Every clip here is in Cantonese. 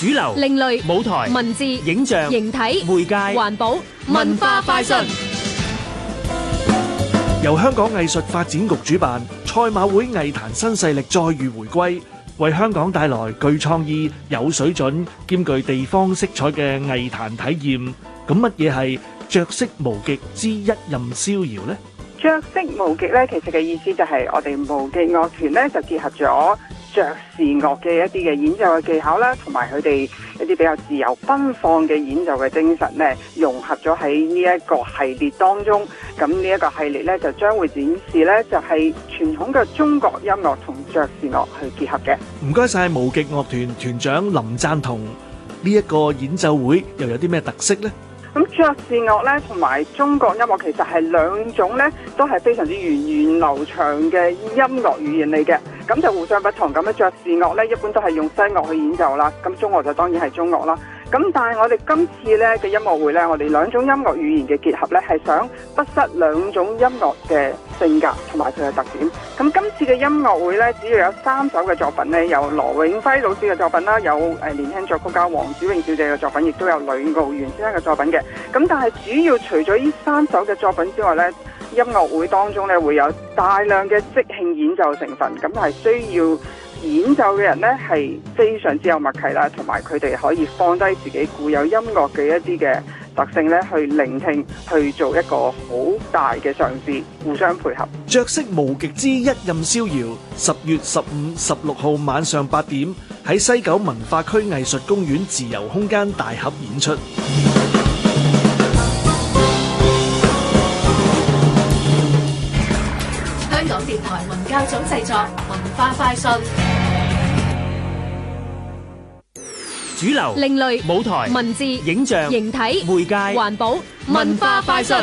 主流、另類舞台、文字、影像、形體、媒介、環保、文化快訊，由香港藝術發展局主辦，賽馬會藝壇新勢力再遇回歸，為香港帶來具創意、有水準、兼具地方色彩嘅藝壇體驗。咁乜嘢係着色無極之一任逍遙呢？着色無極咧，其實嘅意思就係我哋無極樂團咧，就結合咗。爵士樂嘅一啲嘅演奏嘅技巧啦，同埋佢哋一啲比較自由奔放嘅演奏嘅精神咧，融合咗喺呢一個系列當中。咁呢一個系列咧，就將會展示咧，就係傳統嘅中國音樂同爵士樂去結合嘅。唔該晒，無極樂團團長林贊同，呢一個演奏會又有啲咩特色呢？咁爵士樂咧同埋中國音樂其實係兩種咧，都係非常之源遠流長嘅音樂語言嚟嘅。咁就互相不同，咁樣爵士樂咧，一般都係用西樂去演奏啦，咁中樂就當然係中樂啦。咁但係我哋今次咧嘅音樂會咧，我哋兩種音樂語言嘅結合咧，係想不失兩種音樂嘅性格同埋佢嘅特點。咁今次嘅音樂會咧，主要有三首嘅作品咧，有羅永輝老師嘅作品啦，有誒年輕作曲家黃子穎小姐嘅作品，亦都有呂傲元先生嘅作品嘅。咁但係主要除咗呢三首嘅作品之外咧。音樂會當中咧，會有大量嘅即興演奏成分，咁係需要演奏嘅人呢，係非常之有默契啦，同埋佢哋可以放低自己固有音樂嘅一啲嘅特性咧，去聆聽，去做一個好大嘅嘗試，互相配合。爵色無極之一任逍遙，十月十五、十六號晚上八點喺西九文化區藝術公園自由空間大盒演出。電台文教組製作文化快訊，主流、另類、舞台、文字、影像、形體、媒介、環保、文化快訊。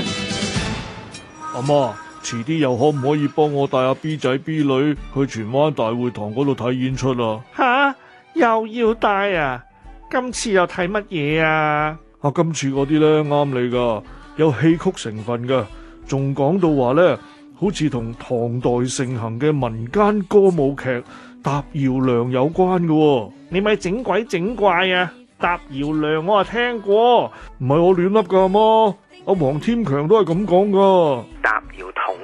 阿媽，遲啲又可唔可以幫我帶阿 B 仔 B 女去荃灣大會堂嗰度睇演出啊？吓，又要帶啊？今次又睇乜嘢啊？啊，今次嗰啲咧啱你噶，有戲曲成分嘅，仲講到話咧。好似同唐代盛行嘅民間歌舞劇《踏搖娘》有關嘅，你咪整鬼整怪啊！《踏搖娘》我啊聽過，唔係我亂笠噶，阿媽，阿黃天強都係咁講噶。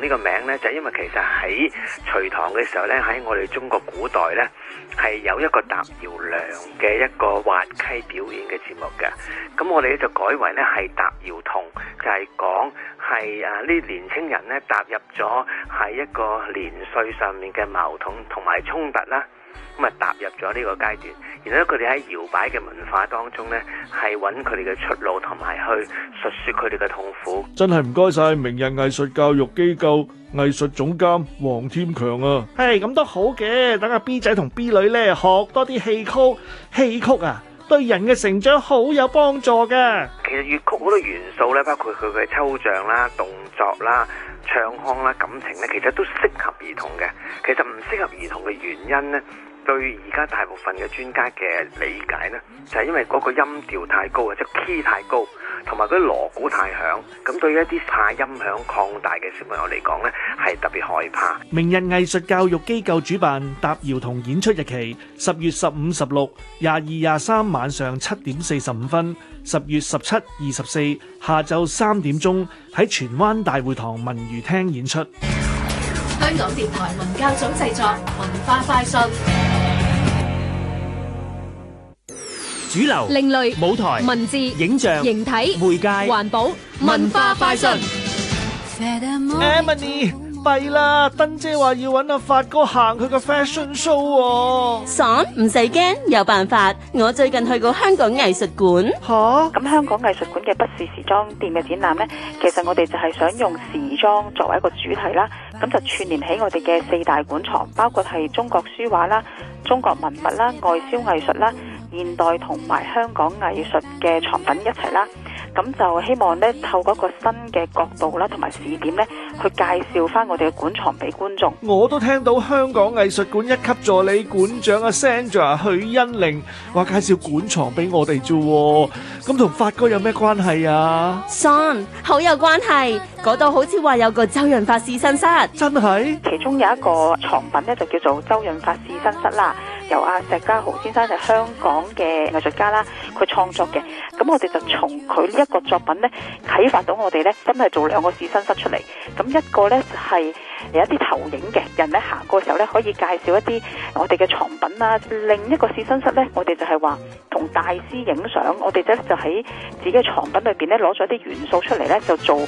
呢個名呢，就係，因為其實喺隋唐嘅時候呢，喺我哋中國古代呢係有一個踏搖梁嘅一個滑稽表演嘅節目嘅，咁我哋咧就改為呢係踏搖桶，就係講係啊呢啲年青人呢踏入咗喺一個年歲上面嘅矛盾同埋衝突啦。咁啊，踏入咗呢個階段，然後佢哋喺搖擺嘅文化當中呢，係揾佢哋嘅出路，同埋去述說佢哋嘅痛苦。真係唔該晒，明日藝術教育機構藝術總監黃添強啊。係咁都好嘅，等阿 B 仔同 B 女呢學多啲戲曲，戲曲啊，對人嘅成長好有幫助嘅。其實粵曲好多元素呢，包括佢嘅抽象啦、動作啦。唱腔啦、感情咧，其實都適合兒童嘅。其實唔適合兒童嘅原因咧。對而家大部分嘅專家嘅理解呢就係、是、因為嗰個音調太高，或者 key 太高，同埋嗰啲鑼鼓太響，咁對於一啲怕音響擴大嘅小朋友嚟講呢係特別害怕。明日藝術教育機構主辦搭謠同演出日期：十月十五、十六、廿二、廿三晚上七點四十五分；十月十七、二十四下晝三點鐘喺荃灣大會堂文娛廳演出。香港電台文教組製作文化快訊。主流，另類，舞台，文字，影像，形體，媒介，環保，文化，fashion. Emily，弊啦，燈姐話要搵阿發哥行佢個 fashion show 喎。現代同埋香港藝術嘅藏品一齊啦，咁就希望咧，透過一個新嘅角度啦，同埋視點咧，去介紹返我哋嘅館藏俾觀眾。我都聽到香港藝術館一級助理館長阿 Sandra 許欣玲話介紹館藏俾我哋啫，咁同發哥有咩關係啊？Son 好有關係，嗰度好似話有個周潤發試身室，真係。其中有一個藏品咧，就叫做周潤發試身室啦。由阿石家豪先生係香港嘅藝術家啦，佢創作嘅，咁我哋就從佢呢一個作品咧啟發到我哋咧，真係做兩個試身室出嚟。咁一個咧就係、是、有一啲投影嘅人咧行過嘅時候咧，可以介紹一啲我哋嘅藏品啦、啊。另一個試身室咧，我哋就係話同大師影相，我哋咧就喺自己嘅藏品裏邊咧攞咗一啲元素出嚟咧，就做。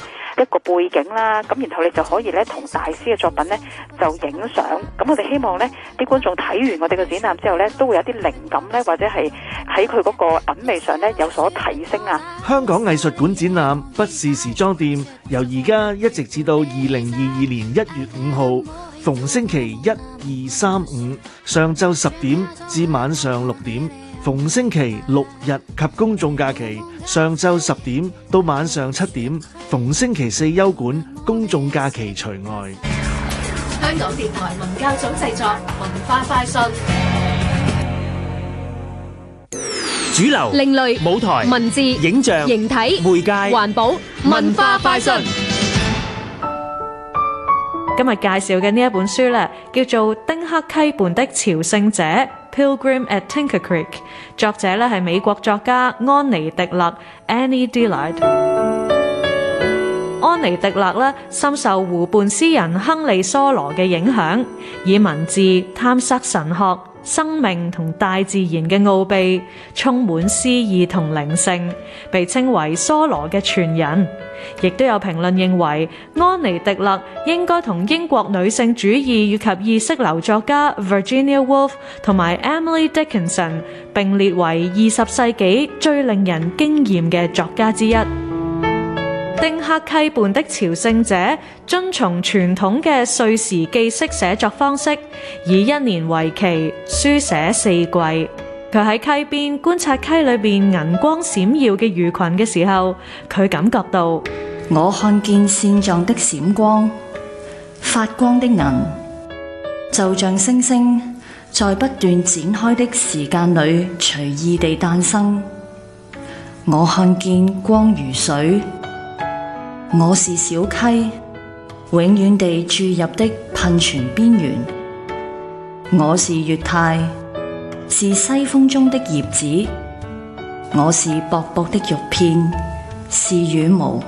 一個背景啦，咁然後你就可以咧同大師嘅作品咧就影相。咁我哋希望咧啲觀眾睇完我哋嘅展覽之後咧，都會有啲靈感咧，或者係喺佢嗰個品味上咧有所提升啊。香港藝術館展覽不是時裝店，由而家一直至到二零二二年一月五號，逢星期一、二、三、五上晝十點至晚上六點。逢星期六日及公眾假期上晝十點到晚上七點，逢星期四休館，公眾假期除外。香港電台文教組製作。文化快訊，主流另類、舞台、文字、影像、形體、媒介、環保。文化快訊今日介紹嘅呢本書呢，叫做丁克溪畔的朝聖者《Pilgrim at Tinker Creek》，作者咧係美國作家安妮·迪勒 （Annie Dillard）。安妮·迪勒咧深受湖畔詩人亨利·梭羅嘅影響，以文字探析神學，生命同大自然嘅奧秘，充滿詩意同靈性，被稱為梭羅嘅傳人。亦都有評論認為，安妮迪勒應該同英國女性主義與及意識流作家 Virginia Woolf 同埋 Emily Dickinson 汀克溪畔的朝聖者遵從傳統嘅歲時記式寫作方式，以一年為期書寫四季。佢喺溪邊觀察溪裏邊銀光閃耀嘅魚群嘅時候，佢感覺到：我看見線狀的閃光，發光的銀，就像星星在不斷展開的時間裏隨意地誕生。我看見光如水。我是小溪，永遠地注入的噴泉邊緣。我是月太，是西風中的葉子。我是薄薄的肉片，是羽毛，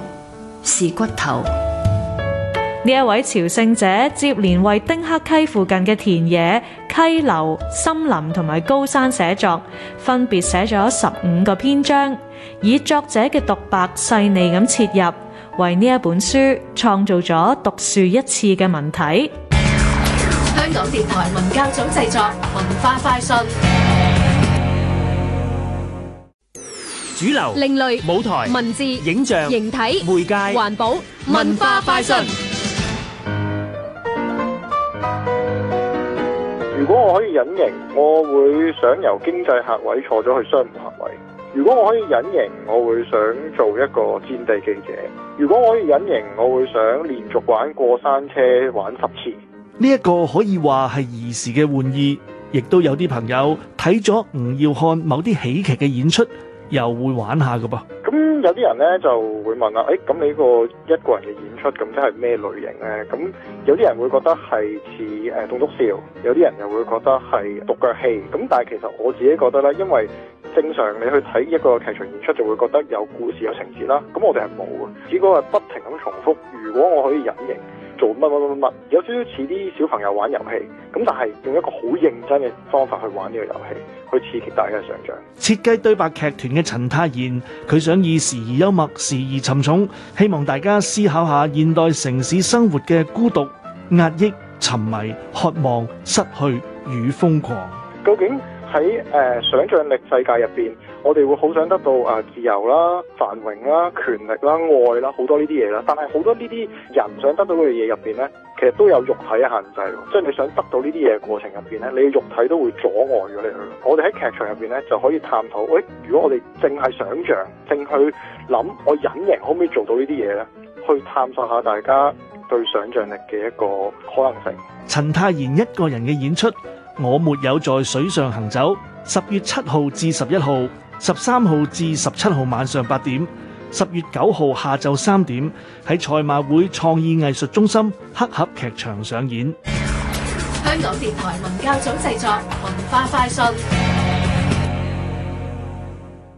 是骨頭。呢位朝聖者接連為丁克溪附近嘅田野、溪流、森林同埋高山寫作，分別寫咗十五個篇章，以作者嘅獨白細膩咁切入。為呢一本書創造咗獨樹一幟嘅文體。香港電台文教組製作，文化快訊。主流、另類、舞台、文字、影像、形體、媒介、環保、文化快訊。如果我可以隱形，我會想由經濟客位坐咗去商務客位。如果我可以隱形，我會想做一個戰地記者。如果我可以隱形，我會想連續玩過山車玩十次。呢一個可以話係兒時嘅玩意，亦都有啲朋友睇咗吳耀漢某啲喜劇嘅演出，又會玩下噶噃。咁有啲人呢就會問啦：誒、哎，咁你呢個一個人嘅演出咁，即係咩類型呢？」咁有啲人會覺得係似誒棟篤笑，有啲人又會覺得係獨腳戲。咁但係其實我自己覺得咧，因為正常你去睇一個劇場演出就會覺得有故事有情節啦，咁我哋係冇嘅，只不過係不停咁重複。如果我可以隱形做乜乜乜乜，有少少似啲小朋友玩遊戲，咁但係用一個好認真嘅方法去玩呢個遊戲，去刺激大家嘅想像。設計對白劇團嘅陳泰然，佢想以時而幽默、時而沉重，希望大家思考下現代城市生活嘅孤獨、壓抑、沉迷、渴望、失去與瘋狂。究竟？喺誒、呃、想像力世界入邊，我哋會好想得到啊、呃、自由啦、繁榮啦、權力啦、愛啦好多呢啲嘢啦。但係好多呢啲人想得到嘅嘢入邊呢，其實都有肉體嘅限制。即、就、係、是、你想得到呢啲嘢過程入邊呢，你嘅肉體都會阻礙咗你去。我哋喺劇場入邊呢，就可以探討：喂、哎，如果我哋淨係想像，淨去諗我隱形可唔可以做到呢啲嘢呢？去探索下大家對想像力嘅一個可能性。陳泰賢一個人嘅演出。我沒有在水上行走。十月七號至十一號，十三號至十七號晚上八點，十月九號下晝三點，喺賽馬會創意藝術中心黑盒劇場上演。香港電台文教組製作文化快訊。